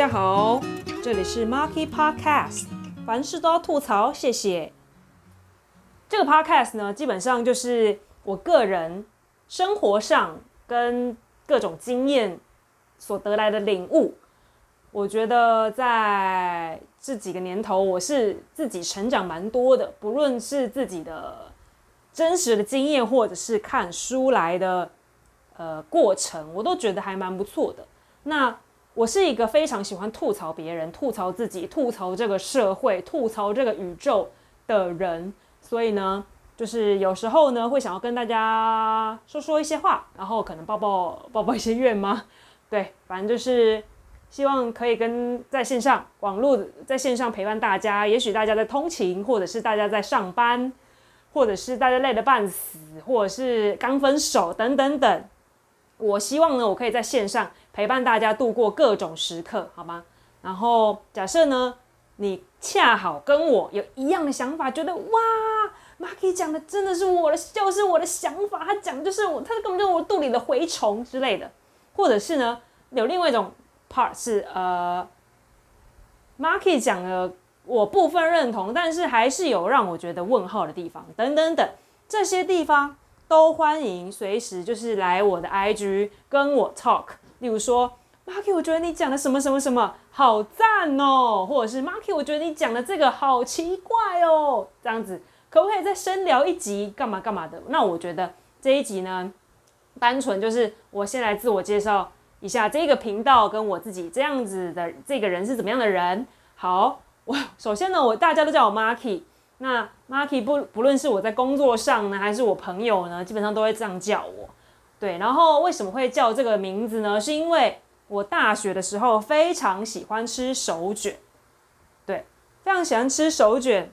大家好，這裡是 Marky Podcast，凡事都要吐槽。謝謝。這個 podcast 呢，基本上就是我個人生活上跟各種經驗所得來的領悟。我覺得在這幾個年頭，我是自己成長蠻多的，不論是自己的真實的經驗，或者是看書來的呃過程，我都覺得還蠻不錯的。那我是一個非常喜歡吐槽別人、吐槽自己、吐槽這個社會、吐槽這個宇宙的人，所以呢，就是有時候呢會想要跟大家說說一些話，然後可能抱抱、抱抱一些怨嗎？對，反正就是希望可以跟在線上網絡在線上陪伴大家。也許大家在通勤，或者是大家在上班，或者是大家累得半死，或者是剛分手等等等。我希望呢，我可以在線上。陪伴大家度過各種時刻，好嗎？然後假設呢，你恰好跟我有一樣的想法，覺得哇，Marky 講的真的是我的，就是我的想法，他講的就是我，他根本就是我肚裡的蛔蟲之類的。或者是呢，有另外一種 part 是呃，Marky 講的我部分認同，但是還是有讓我覺得問號的地方，等等等，這些地方都歡迎隨時就是來我的 IG 跟我 talk。例如說，Marky，我覺得你講的什麼什麼什麼好讚哦喔，或者是 Marky，我覺得你講的這個好奇怪哦喔，這樣子可不可以再深聊一集？幹嘛幹嘛的？那我覺得這一集呢，單純就是我先來自我介紹一下這個頻道跟我自己這樣子的這個人是怎麼樣的人。好，我首先呢，我大家都叫我 Marky，那 Marky 不不論是我在工作上呢，還是我朋友呢，基本上都會這樣叫我。對，然後為什麼會叫這個名字呢？是因為我大學的時候非常喜歡吃手捲，對，非常喜歡吃手捲。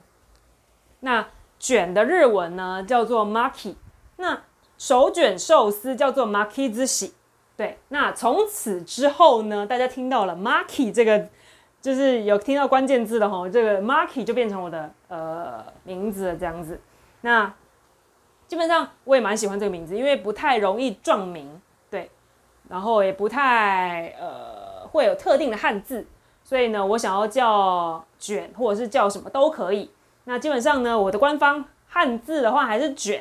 那捲的日文呢，叫做 maki，那手捲壽司叫做 maki zushi。對，那從此之後呢，大家聽到了 maki 這個，就是有聽到關鍵字的吼，這個 maki 就變成我的呃名字了，這樣子。那基本上我也蠻喜歡這個名字，因為不太容易撞名，對，然後也不太呃會有特定的漢字，所以呢，我想要叫捲或者是叫什麼都可以。那基本上呢，我的官方漢字的話還是捲，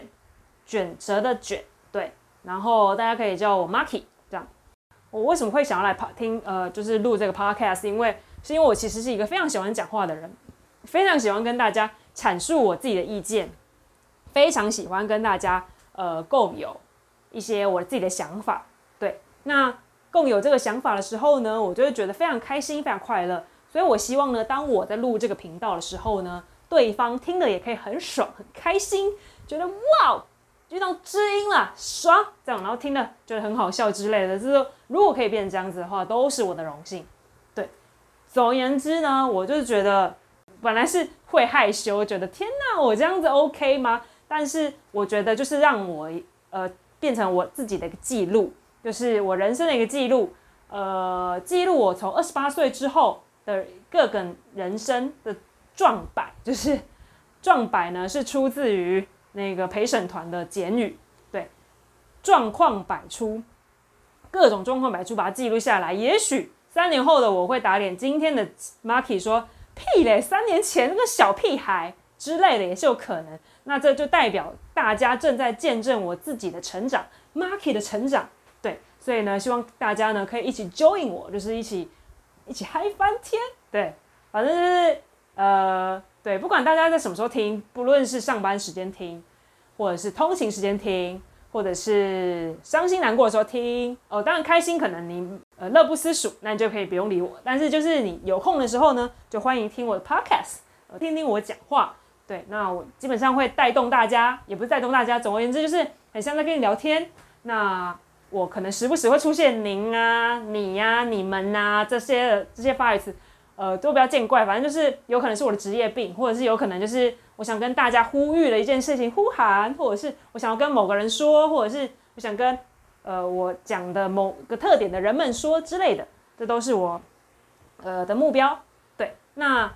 捲舌的捲，對。然後大家可以叫我 Marky 這樣。我為什麼會想要來聽呃就是錄這個 Podcast？因為是因為我其實是一個非常喜歡講話的人，非常喜歡跟大家闡述我自己的意見。非常喜歡跟大家呃共有一些我自己的想法，對，那共有這個想法的時候呢，我就會覺得非常開心，非常快樂。所以我希望呢，當我在錄這個頻道的時候呢，對方聽了也可以很爽，很開心，覺得哇，遇到知音了，爽，這樣，然後聽了覺得很好笑之類的。就是說如果可以變成這樣子的話，都是我的榮幸。對，總而言之呢，我就是覺得本來是會害羞，我覺得天哪，我這樣子 OK 嗎？但是我覺得，就是讓我呃變成我自己的一個記錄，就是我人生的一個記錄，呃，記錄我從二十八歲之後的各個人生的壯擺，就是壯擺呢是出自於那個陪審團的簡語，對，狀況百出，各種狀況百出，把它記錄下來。也許三年後的我會打臉今天的 Marky 說屁嘞，三年前那個小屁孩。之類的也是有可能，那這就代表大家正在見證我自己的成長，market 的成長，對，所以呢，希望大家呢可以一起 join 我，就是一起一起嗨翻天，對，反正就是呃，對，不管大家在什麼時候聽，不論是上班時間聽，或者是通勤時間聽，或者是傷心難過的時候聽，哦，當然開心可能你呃樂不思蜀，那你就可以不用理我，但是就是你有空的時候呢，就歡迎聽我的 podcast，呃，聽聽我講話。對，那我基本上會帶動大家，也不是帶動大家，總而言之就是很像在跟你聊天。那我可能時不時會出現“您啊、你呀、啊、你們吶、啊”這些這些發語詞，呃，都不要見怪，反正就是有可能是我的職業病，或者是有可能就是我想跟大家呼籲的一件事情，呼喊，或者是我想要跟某個人說，或者是我想跟呃我講的某個特點的人們說之類的，這都是我呃的目標。對，那。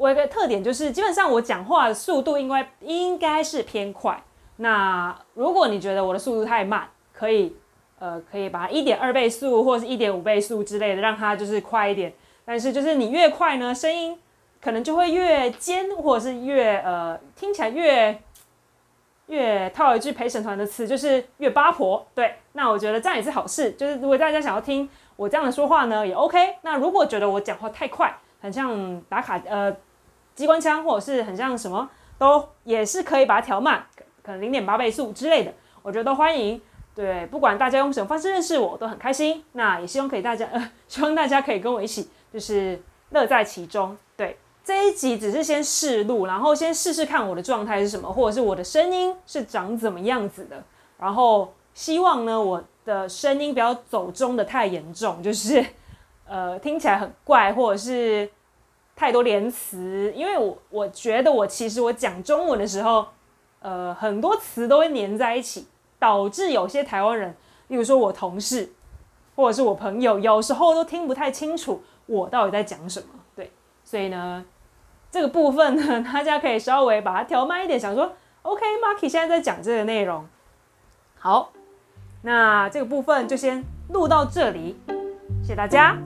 我有個特點就是，基本上我講話的速度應該應該是偏快。那如果你覺得我的速度太慢，可以呃可以把它一點二倍速或者是一點五倍速之類的，讓它就是快一點。但是就是你越快呢，聲音可能就會越尖，或者是越呃聽起來越越套一句陪審團的詞，就是越八婆。對，那我覺得這樣也是好事。就是如果大家想要聽我這樣的說話呢，也 OK。那如果覺得我講話太快，很像打卡呃。機關槍，或者是很像什麼，都也是可以把它調慢，可能零點八倍速之類的，我覺得都歡迎。對，不管大家用什麼方式認識我，都很開心。那也希望可以大家、呃，希望大家可以跟我一起，就是樂在其中。對，這一集只是先試錄，然後先試試看我的狀態是什麼，或者是我的聲音是長怎麼樣子的。然後希望呢，我的聲音不要走鐘的太嚴重，就是呃聽起來很怪，或者是。太多連詞，因為我我覺得我其實我講中文的時候，呃，很多詞都會粘在一起，導致有些台灣人，例如說我同事或者是我朋友，有時候都聽不太清楚我到底在講什麼。對，所以呢，這個部分呢，大家可以稍微把它調慢一點，想說，OK，Marky 現在在講這個內容。好，那這個部分就先錄到這裡，謝謝大家。